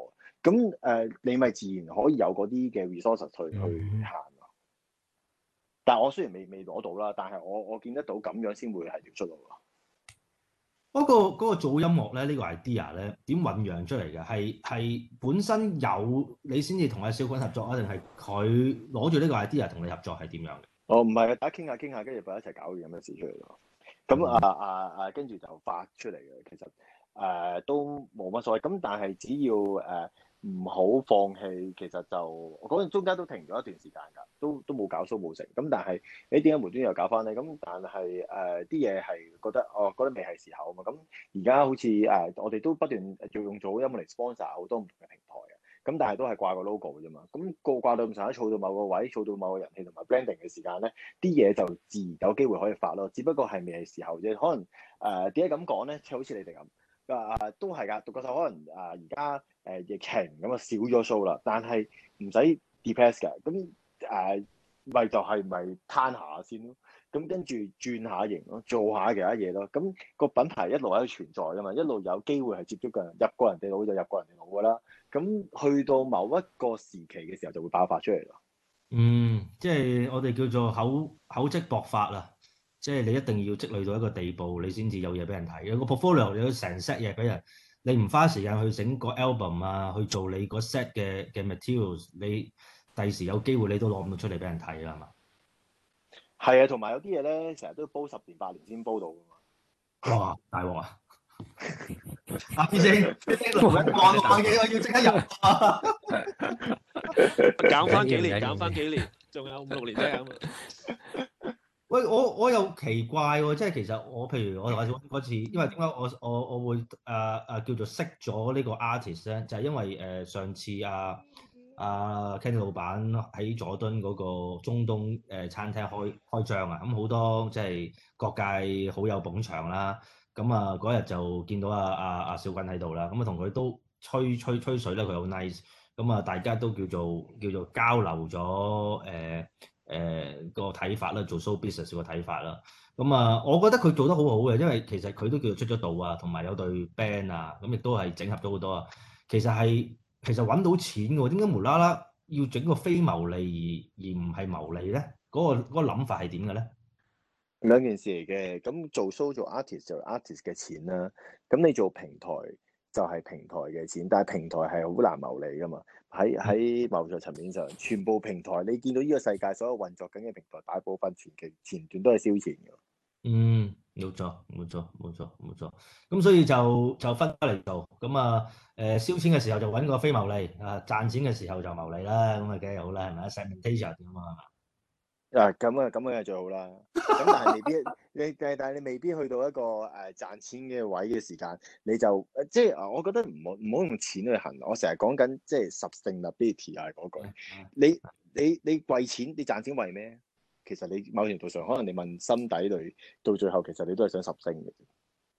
咁誒、呃、你咪自然可以有嗰啲嘅 resource 去去行咯。Mm hmm. 但係我雖然未未攞到啦，但係我我見得到咁樣先會係條出路咯。嗰、嗰個嗰個做音樂咧，呢個、呢個 idea 咧，點醖釀出嚟嘅？係係本身有你先至同阿小君合作啊，定係佢攞住呢個 idea 同你合作係點樣嘅？哦，唔係，大家傾下傾下，跟住再一齊搞完咁嘅事出嚟咯。咁啊啊啊，跟、啊、住、啊、就發出嚟嘅，其實誒、啊、都冇乜所謂。咁但係只要誒唔好放棄，其實就我講緊中間都停咗一段時間㗎，都都冇搞蘇冇成。咁但係誒點解無端又搞翻咧？咁但係誒啲嘢係覺得哦、啊，覺得未係時候啊嘛。咁而家好似誒、啊，我哋都不斷要用咗音樂嚟 sponsor 好多唔同嘅平台。咁但係都係掛個 logo 啫嘛，咁個掛到咁上下，儲到某個位，儲到某個人氣同埋 branding 嘅時間咧，啲嘢就自然有機會可以發咯。只不過係未時候啫，可能誒點解咁講咧？即係好似你哋咁，啊、呃、都係㗎，獨角秀可能誒而家誒疫情咁啊少咗數啦，但係唔使 depress 㗎，咁誒咪就係咪攤下先咯。咁跟住轉下型咯，做下其他嘢咯。咁個品牌一路喺度存在噶嘛，一路有機會係接觸嘅，入過人哋腦就入過人哋腦噶啦。咁去到某一個時期嘅時候就會爆發出嚟咯。嗯，即係我哋叫做厚積薄發啊，即係你一定要積累到一個地步，你先至有嘢俾人睇。有個 portfolio 你都成 set 嘢俾人，你唔花時間去整個 album 啊，去做你個 set 嘅嘅 materials，你第時有機會你都攞唔到出嚟俾人睇啦，係嘛？係啊，同埋有啲嘢咧，成日都要煲十年八年先煲到㗎嘛。哇！大鑊啊！阿志志，啲幾個，要即刻入。搞 翻 幾年，搞翻幾年，仲有五六年啫。 喂，我我又奇怪喎，即係其實我譬如我同阿志嗰次，因為點解我我我會誒誒、呃、叫做識咗呢個 artist 咧，就係、是、因為誒、呃、上次啊。阿、啊、Kenny 老闆喺佐敦嗰個中東誒、呃、餐廳開開張啊，咁、嗯、好多即係、就是、各界好友捧場啦。咁、嗯、啊嗰日就見到啊啊啊小君喺度啦，咁啊同佢都吹吹吹水啦，佢好 nice。咁、嗯、啊大家都叫做叫做交流咗誒誒個睇法啦，做 show business 個睇法啦。咁、嗯、啊，我覺得佢做得好好嘅，因為其實佢都叫做出咗道啊，同埋有，有對隊 band 啊，咁亦都係整合咗好多啊。其實係。其實搵到錢嘅，點解無啦啦要整個非牟利而而唔係牟利咧？嗰個嗰個諗法係點嘅咧？兩件事嚟嘅，咁做 show 做 artist 就係 artist 嘅錢啦，咁你做平台就係平台嘅錢，但係平台係好難牟利噶嘛？喺喺某程度層面上，全部平台你見到呢個世界所有運作緊嘅平台，大部分前期前段都係燒錢嘅。嗯。冇錯，冇錯，冇錯，冇錯。咁所以就就分開嚟做。咁啊，誒燒錢嘅時候就揾個非牟利啊，賺錢嘅時候就牟利啦。咁啊，梗係好啦，係咪啊 Presentation 啊嘛，嗱，咁啊，咁啊，就最好啦。咁但係未必， 你但係但係你未必去到一個誒賺錢嘅位嘅時間，你就、啊、即係，我覺得唔好唔好用錢去行。我成日講緊即係 sustainability 啊嗰句。你你你為錢，你賺錢為咩？其實你某程度上，可能你問心底裏，到最後其實你都係想十升嘅。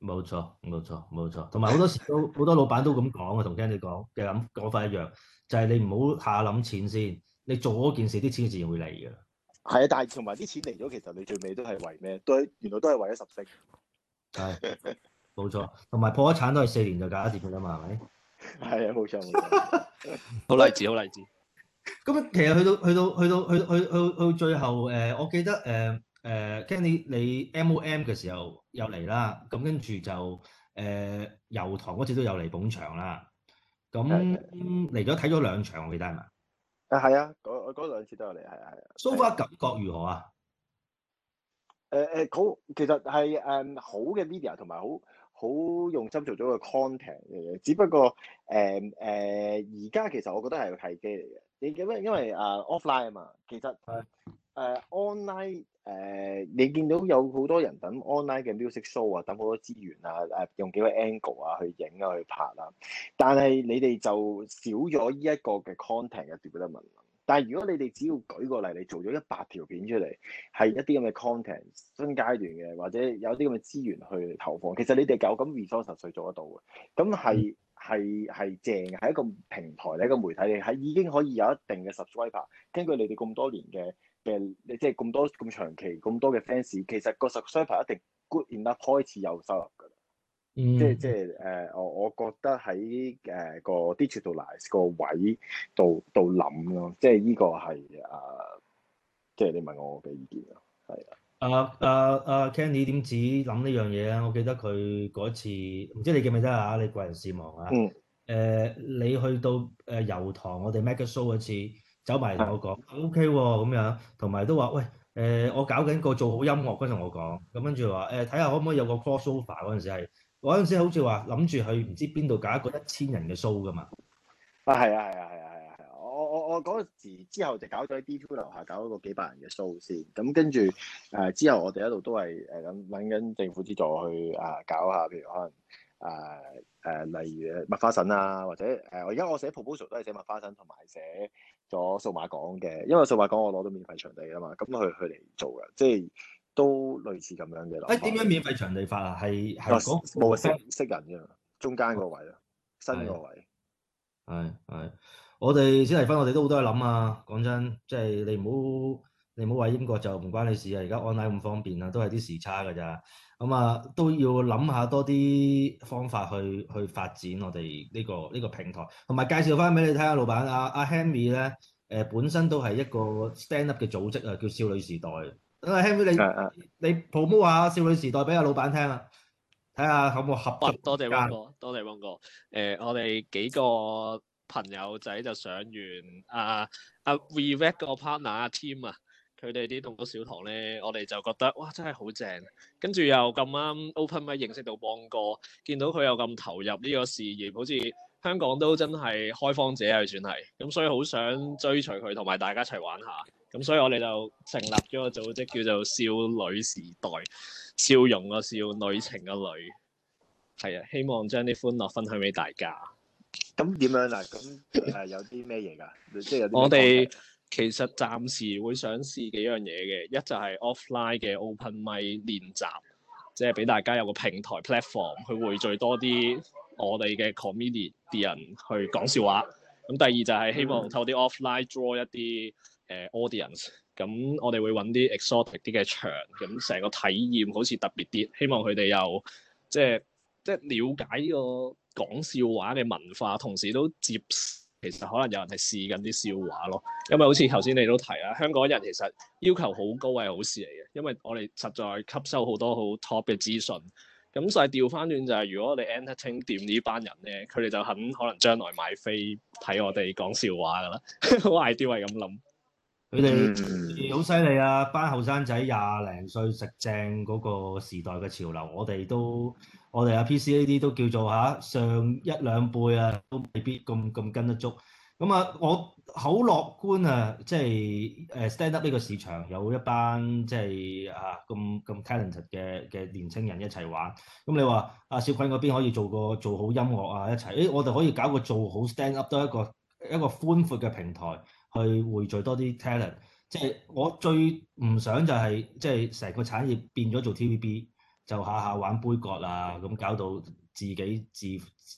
冇錯，冇錯，冇錯。同埋好多時都好多老闆都咁講啊，同聽你講嘅諗講法一樣，就係、是、你唔好下諗錢先，你做嗰件事，啲錢自然會嚟嘅。係啊，但係同埋啲錢嚟咗，其實你最尾都係為咩？都原來都係為咗十升。係、啊，冇錯。同埋破咗產都係四年就搞得掂噶啦嘛，係咪？係啊，冇錯。 好勵志，好勵志。咁、嗯、其實去到去到去到去到去到去，到去到最後誒、呃，我記得誒誒 Kenny，你 MOM 嘅時候又嚟啦，咁跟住就誒、呃、油塘嗰次都有嚟捧場啦。咁嚟咗睇咗兩場，我記得係咪？啊，係啊，嗰、呃、兩次都有嚟，係啊係啊。So far 感覺如何啊？誒誒好，其實係誒好嘅 media 同埋好好用心做咗個 content 嘅只不過誒誒而家其實我覺得係個契機嚟嘅。你因為因、uh, offline 啊嘛，其實誒誒 online 誒，uh, uh, on line, uh, 你見到有好多人等 online 嘅 music show 啊，等好多資源啊，誒、啊、用幾個 angle 啊去影啊去拍啊。但係你哋就少咗呢一個嘅 content 嘅 development。但係如果你哋只要舉個例，你做咗一百條片出嚟，係一啲咁嘅 content 分階段嘅，或者有啲咁嘅資源去投放，其實你哋夠咁 resource，實做得到嘅。咁係。係係正嘅，係一個平台，一個媒體嚟，係已經可以有一定嘅 subscriber。根據你哋咁多年嘅嘅，即係咁多咁長期咁多嘅 fans，其實個 subscriber 一定 good enough 開始有收入嘅、mm.，即係即係誒，我我覺得喺誒、呃這個 digitalize 個位度度諗咯，即係呢個係誒、呃，即係你問我嘅意見咯，係啊。啊啊啊！Kenny 點止諗呢樣嘢咧？我記得佢嗰次，唔知你記唔記得啊？你貴人事忙啊，嗯，誒、呃、你去到誒、呃、油塘，我哋 mega show 嗰次，走埋同我講，O K 喎，咁、嗯 okay 哦、樣，同埋都話喂，誒、呃、我搞緊個做好音樂，跟住我講，咁跟住話誒睇下可唔可以有個 crossover 嗰陣時係，嗰、那、陣、個、時好似話諗住去唔知邊度搞一個一千人嘅 show 㗎嘛，啊係啊係啊係啊！我嗰時之後就搞咗喺 DQ 樓下搞咗個幾百人嘅 show 先，咁跟住誒之後我哋一路都係誒揾揾緊政府資助去誒、啊、搞下，譬如可能誒誒、啊啊、例如麥花臣啊，或者誒我而家我寫 proposal 都係寫麥花臣同埋寫咗數碼港嘅，因為數碼港我攞到免費場地啊嘛，咁佢去嚟做嘅，即係都類似咁樣嘅。誒點樣免費場地法啊？係係冇識識人嘅，中間個位咯，新個位，係係。我哋小黎分，我哋都好多嘢諗啊！講真，即係你唔好，你唔好話英國就唔關你事啊！而家 online 咁方便啊，都係啲時差㗎咋咁啊，都要諗下多啲方法去去發展我哋呢、呢個呢、呢個平台，同埋介紹翻俾你睇下，老闆啊阿、啊、Henry 咧，誒、呃、本身都係一個 stand up 嘅組織啊，叫少女時代。等、啊、阿 Henry，你、啊、你 promote 下少女時代俾阿老闆聽看看好好啊，睇下有冇合拍。多謝汪哥，多謝汪哥。誒、呃，我哋幾個。朋友仔就上完啊啊，revet 個 partner 阿 Tim 啊，佢哋啲動哥小堂咧，我哋就覺得，哇，真係好正，跟住又咁啱 open 咪認識到邦哥，見到佢又咁投入呢個事業，好似香港都真係開荒者啊，算係。咁所以好想追隨佢，同埋大家一齊玩一下，咁所以我哋就成立咗個組織叫做少女時代，笑容個少女情個女，係啊，希望將啲歡樂分享俾大家。咁點樣嗱？咁誒，就是、有啲咩嘢噶？即係 我哋其實暫時會想試幾樣嘢嘅，一就係 offline 嘅 open mic 練習，即係俾大家有個平台 platform 去匯聚多啲我哋嘅 comedian 啲人去講笑話。咁第二就係希望透過啲 offline draw 一啲誒 audience，咁 我哋會揾啲 exotic 啲嘅場，咁成個體驗好似特別啲，希望佢哋又即係即係了解呢、這個。講笑話嘅文化，同時都接，其實可能有人係試緊啲笑話咯。因為好似頭先你都提啦，香港人其實要求好高嘅好事嚟嘅，因為我哋實在吸收好多好 top 嘅資訊。咁所以調翻轉就係、是，如果你 entertain 掂呢班人咧，佢哋就很可能將來買飛睇我哋講笑話噶啦。我 idea 係咁諗。佢哋好犀利啊！班後生仔廿零歲食正嗰個時代嘅潮流，我哋都～我哋阿 P.C.A.D 都叫做吓、啊，上一兩輩啊，都未必咁咁跟得足。咁啊，我好樂觀啊，即係誒 stand up 呢個市場有一班即係啊咁咁 talent 嘅嘅年青人一齊玩。咁你話阿小軒嗰邊可以做個做好音樂啊，一齊，誒、欸、我哋可以搞個做好 stand up 多一個一個寬闊嘅平台去匯聚多啲 talent。即係我最唔想就係即係成個產業變咗做 T.V.B. 就下下玩杯葛啊，咁搞到自己自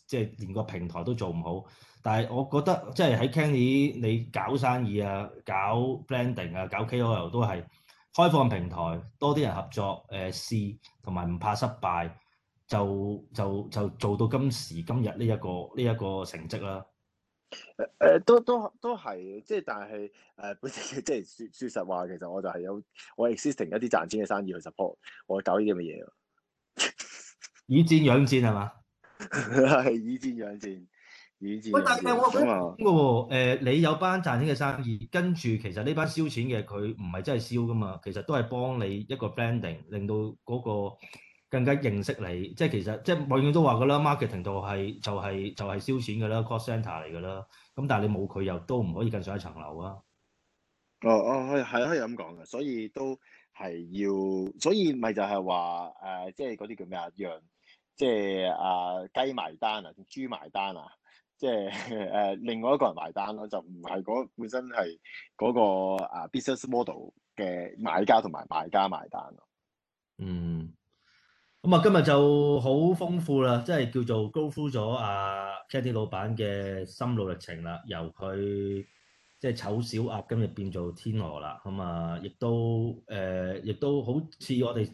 即係連個平台都做唔好。但係我覺得即係喺 Kenny 你搞生意啊，搞 Branding 啊，搞 KOL 都係開放平台，多啲人合作，誒、呃、試同埋唔怕失敗，就就就，就做到今時今日呢、這、一個呢一、這個成績啦。誒、呃、都都都係即係但係誒、呃，即係説説實話，其實我就係有我 existing 一啲賺錢嘅生意去 support 我搞呢啲咁嘅嘢。以戰養戰係嘛？係 以戰養戰，以戰喂，但係我咁嘅誒，你有班賺錢嘅生意，跟住其實呢班燒錢嘅，佢唔係真係燒噶嘛，其實都係幫你一個 branding，令到嗰個更加認識你，即係其實即係永遠都話噶啦，marketing 就係、是、就係就係燒錢噶啦，cost center 嚟噶啦，咁但係你冇佢又都唔可以更上一層樓啊。哦哦，係係可以咁講嘅，所以都。係要，所以咪就係話誒，即係嗰啲叫咩啊？讓即係啊雞埋單啊，豬埋單啊，即係誒、呃、另外一個人埋單咯、啊，就唔係本身係嗰個啊 business model 嘅買家同埋賣家埋單咯、啊。嗯，咁啊今日就好豐富啦，即係叫做 go through 咗啊 Kenny 老闆嘅心路歷程啦，由佢。即係醜小鴨，今日變做天鵝啦。咁啊，亦都誒，亦、呃、都好似我哋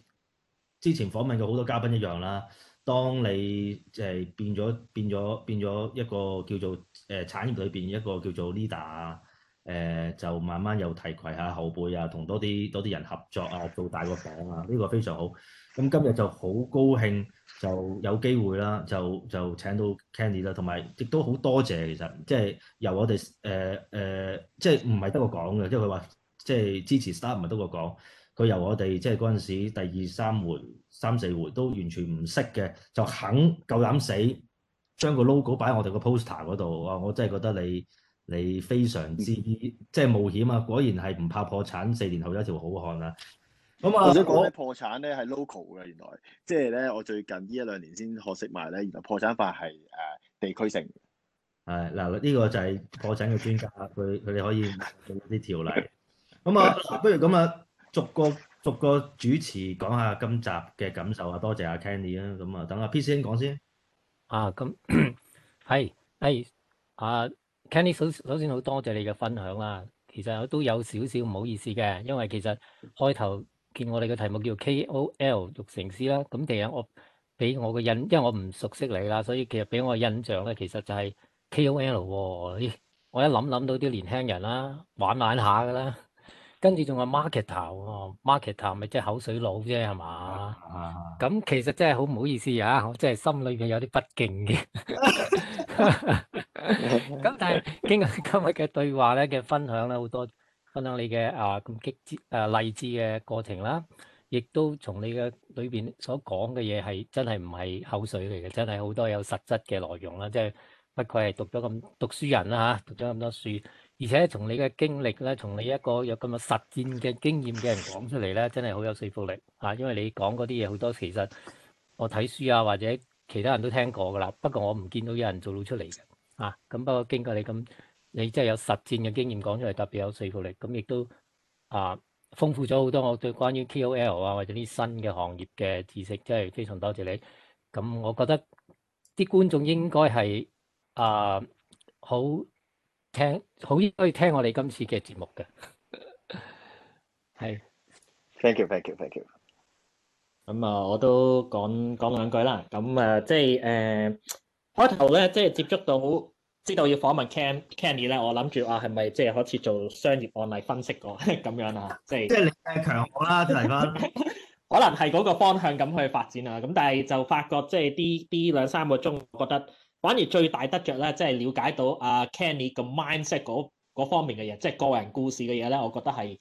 之前訪問過好多嘉賓一樣啦。當你誒變咗、變咗、變咗一個叫做誒、呃、產業裏邊一個叫做 leader。誒、呃、就慢慢又提攜下後輩啊，同多啲多啲人合作啊，做到大個房啊，呢、這個非常好。咁、嗯、今日就好高興，就有機會啦，就就請到 Candy 啦，同埋亦都好多謝其實，即係由我哋誒誒，即係唔係得個講嘅，即係佢話即係支持 Star 唔係得個講，佢由我哋即係嗰陣時第二三回、三四回都完全唔識嘅，就肯夠膽死將個 logo 擺喺我哋個 poster 嗰度啊！我真係覺得你。你非常之即係冒險啊！果然係唔怕破產，四年後有一條好漢啊！咁、嗯、啊，我想你講啲破產咧係 local 嘅，原來即係咧，我最近呢一兩年先學識埋咧，原來破產法係誒地區性嘅。嗱、哎、呢、這個就係破產嘅專家，佢佢哋可以做啲條例。咁啊，不如咁啊，逐個逐個主持講下今集嘅感受啊！多謝阿 Kenny 啊、嗯！咁啊，等阿 P 先 n 講先。啊，咁係係啊。Kenny 首首先好多謝你嘅分享啦，其實都有少少唔好意思嘅，因為其實開頭見我哋嘅題目叫 KOL 育成師啦，咁第日我俾我個印，因為我唔熟悉你啦，所以其實俾我印象咧，其實就係 KOL 喎、哎，我一諗諗到啲年輕人啦，玩玩下㗎啦，跟住仲有 market 頭、哦、market 頭咪即係口水佬啫係嘛？咁、啊嗯、其實真係好唔好意思啊，我真係心裏邊有啲不敬嘅。 咁 但係經過今日嘅對話咧嘅分享咧，好多分享你嘅啊咁激致誒勵志嘅過程啦，亦都從你嘅裏邊所講嘅嘢係真係唔係口水嚟嘅，真係好多有實質嘅內容啦。即係不愧係讀咗咁讀書人啦吓、啊，讀咗咁多書，而且從你嘅經歷咧，從你一個有咁嘅實戰嘅經驗嘅人講出嚟咧，真係好有說服力吓、啊。因為你講嗰啲嘢好多，其實我睇書啊或者其他人都聽過噶啦，不過我唔見到有人做到出嚟嘅。啊，咁不過經過你咁，你真係有實戰嘅經驗講出嚟，特別有説服力。咁亦都啊，豐富咗好多我對關於 KOL 啊或者啲新嘅行業嘅知識，真係非常多謝你。咁我覺得啲觀眾應該係啊好聽，好可以聽我哋今次嘅節目嘅。係，thank you，thank you，thank you。咁啊，我都講講兩句啦。咁啊，即係誒開頭咧，即係接觸到好。知道要訪問 Kenny 咧，我諗住啊，係咪即係開始做商業案例分析個咁 樣啊？即係即係你係強項啦，啲黎生，可能係嗰個方向咁去發展啊。咁但係就發覺即係啲啲兩三個鐘，覺得反而最大得着咧，即係了解到啊 Kenny 個 mindset 嗰方面嘅嘢，即係個人故事嘅嘢咧。我覺得係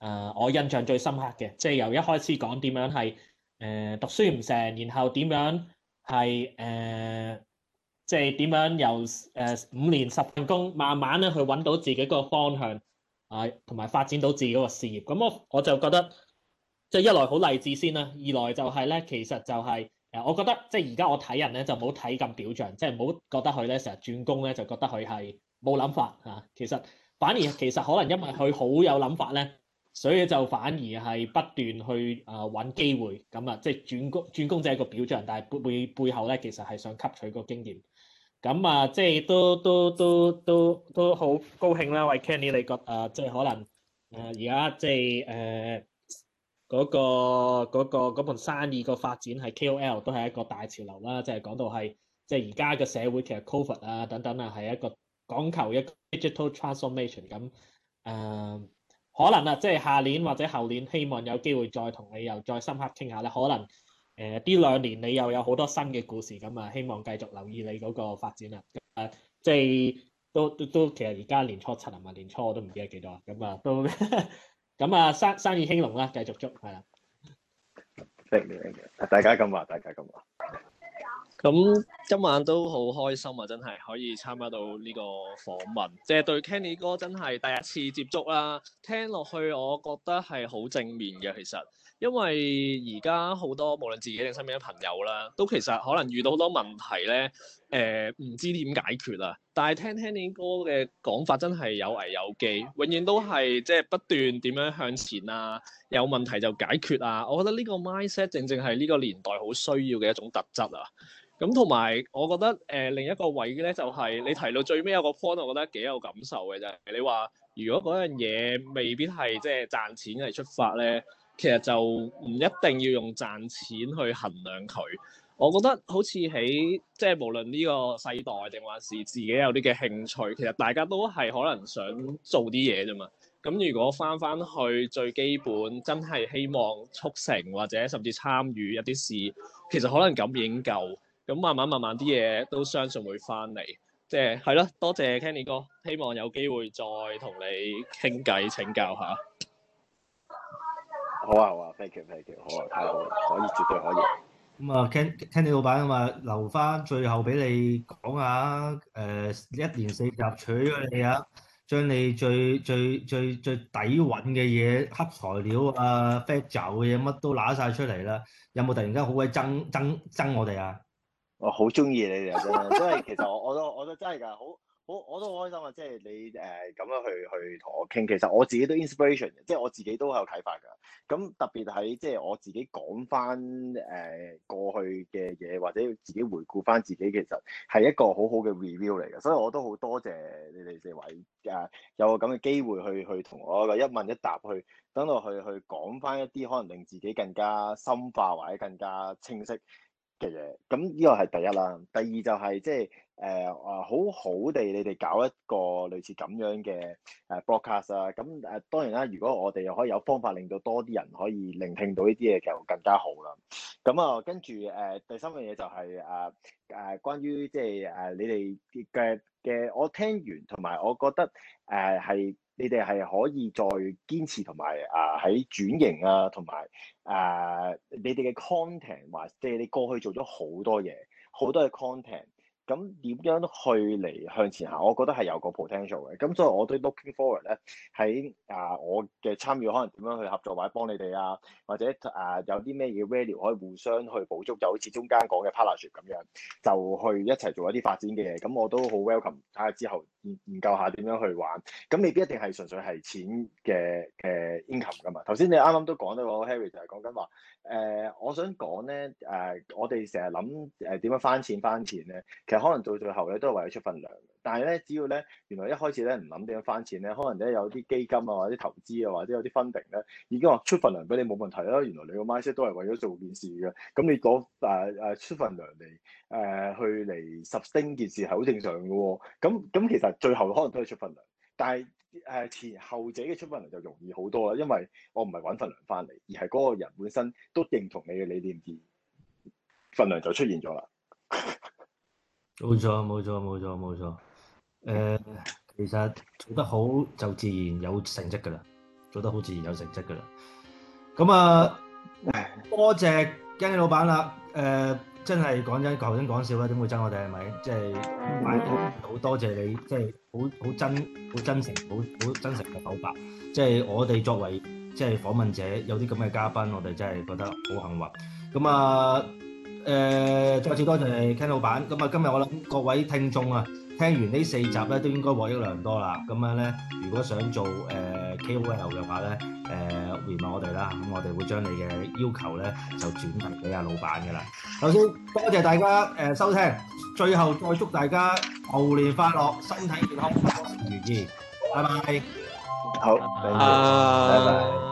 誒我印象最深刻嘅，即係由一開始講點樣係誒、呃、讀書唔成，然後點樣係誒。呃即係點樣由誒五年十份工，慢慢咧去揾到自己個方向啊，同埋發展到自己個事業。咁、嗯、我我就覺得，即係一來好勵志先啦，二來就係咧，其實就係、是、誒，我覺得即係而家我睇人咧，就冇睇咁表象，即係冇覺得佢咧成日轉工咧，就覺得佢係冇諗法嚇、啊。其實反而其實可能因為佢好有諗法咧，所以就反而係不斷去誒揾、啊、機會咁啊，即係轉工轉工就係個表象，但係背背後咧其實係想吸取個經驗。咁啊，即係都都都都都好高興啦！喂 Kenny 你覺啊，即係可能啊，而家即係誒嗰個嗰、嗰個嗰盤生意個發展係 KOL 都係一個大潮流啦！即係講到係即係而家嘅社會，其實 cover 啊等等啊係一個講求一個 digital transformation 咁誒、呃，可能啊，即係下年或者後年，希望有機會再同你又再深刻傾下咧，可能。誒，呢兩、呃、年你又有好多新嘅故事咁啊，希望繼續留意你嗰個發展啊！即、嗯、係都都都，其實而家年初七啊嘛，年初我都唔記得幾多啊？咁、嗯、啊，都咁啊，生、 嗯、生，生意興隆啦，繼續捉係啦！大家咁話，大家咁話。咁今晚都好開心啊！真係可以參加到呢個訪問，即係對 Kenny 哥真係第一次接觸啦。聽落去我覺得係好正面嘅，其實因為而家好多無論自己定身邊嘅朋友啦，都其實可能遇到好多問題咧。誒唔、呃、知點解決啊。但係聽聽你哥嘅講法，真係有危有機，永遠都係即係不斷點樣向前啊，有問題就解決啊。我覺得呢個 mindset 正正係呢個年代好需要嘅一種特質啊。咁同埋我覺得誒、呃、另一個位嘅咧，就係、是、你提到最尾有個 point，我覺得幾有感受嘅啫。就是、你話如果嗰樣嘢未必係即係賺錢嚟出發咧，其實就唔一定要用賺錢去衡量佢。我覺得好似喺即係無論呢個世代定還，還是自己有啲嘅興趣，其實大家都係可能想做啲嘢啫嘛。咁如果翻翻去最基本，真係希望促成或者甚至參與一啲事，其實可能咁已經夠。咁慢慢慢慢啲嘢都相信會翻嚟。即係係咯，多謝 Kenny 哥，希望有機會再同你傾偈請教下好啊。好啊，謝謝謝謝好啊，thank you thank you，好啊太好啊，可以絕對可以。咁啊，Ken Kenny 老闆嘛，留翻最後俾你講下，誒、呃、一連四集取咗你啊，將你最最最最底蘊嘅嘢黑材料啊、fact check 嘅嘢乜都攞晒出嚟啦，有冇突然間好鬼憎憎憎我哋啊？我好中意你哋真，真係其實我我都我都真係㗎，好～我我都好開心啊！即係你誒咁樣去去同我傾，其實我自己都 inspiration 嘅，即係我自己都有啟發㗎。咁特別喺即係我自己講翻誒過去嘅嘢，或者自己回顧翻自己，其實係一個好好嘅 review 嚟嘅。所以我都好多謝你哋四位誒有個咁嘅機會去去同我一問一答去去，去等到去去講翻一啲可能令自己更加深化或者更加清晰。嘅嘢，咁呢個係第一啦。第二就係即係誒啊，好好地你哋搞一個類似咁樣嘅誒 broadcast 啊。咁誒、呃、當然啦，如果我哋又可以有方法令到多啲人可以聆聽到呢啲嘢，就更加好啦。咁啊，跟住誒第三樣嘢就係誒誒關於即係誒你哋嘅嘅，我聽完同埋我覺得誒係。呃你哋係可以再堅持同埋啊，喺轉型啊，同埋誒你哋嘅 content，或者你過去做咗好多嘢，好多嘅 content。咁點樣去嚟向前行？我覺得係有個 potential 嘅。咁所以我都 looking forward 咧，喺啊我嘅參與可能點樣去合作或者幫你哋啊，或者啊有啲咩嘢 value 可以互相去補足，就好似中間講嘅 partnership 咁樣，就去一齊做一啲發展嘅嘢。咁我都好 welcome，睇下之後研究下點樣去玩。咁未必一定係純粹係錢嘅嘅 income 㗎嘛。頭先你啱啱都講到，Harry 就係講緊話，誒、呃、我想講咧，誒、呃、我哋成日諗誒點樣翻錢翻錢咧。可能到最後咧，都係為咗出份糧。但係咧，只要咧，原來一開始咧唔諗點樣翻錢咧，可能咧有啲基金啊，或者投資啊，或者有啲 funding 咧，已經話出份糧俾你冇問題啦。原來你個 mindset 都係為咗做件事嘅，咁你嗰誒誒出份糧嚟誒去嚟 support 件事係好正常嘅，哦。咁咁其實最後可能都係出份糧，但係誒、啊、前後者嘅出份糧就容易好多啦，因為我唔係搵份糧翻嚟，而係嗰個人本身都認同你嘅理念而份糧就出現咗啦。 冇錯，冇錯，冇錯，冇錯。誒、呃，其實做得好就自然有成績噶啦，做得好自然有成績噶啦。咁、嗯、啊，多謝 Kenny 老闆啦。誒、呃，真係講真，頭先講笑啦，點會憎我哋係咪？即係，好多謝你，即係好好真好真誠，好好真誠嘅口白。即係我哋作為即係訪問者，有啲咁嘅嘉賓，我哋真係覺得好幸運。咁、嗯、啊。嗯誒、呃，再次多謝你 Ken 老闆。咁啊，今日我諗各位聽眾啊，聽完呢四集咧，都應該獲益良多啦。咁樣咧，如果想做誒、呃、KOL 嘅話咧，誒聯絡我哋啦。咁我哋會將你嘅要求咧，就轉達俾阿老闆嘅啦。首先，多謝大家誒、呃、收聽。最後，再祝大家牛年快樂，身體健康，如意。拜拜。好，拜拜。Uh 拜拜。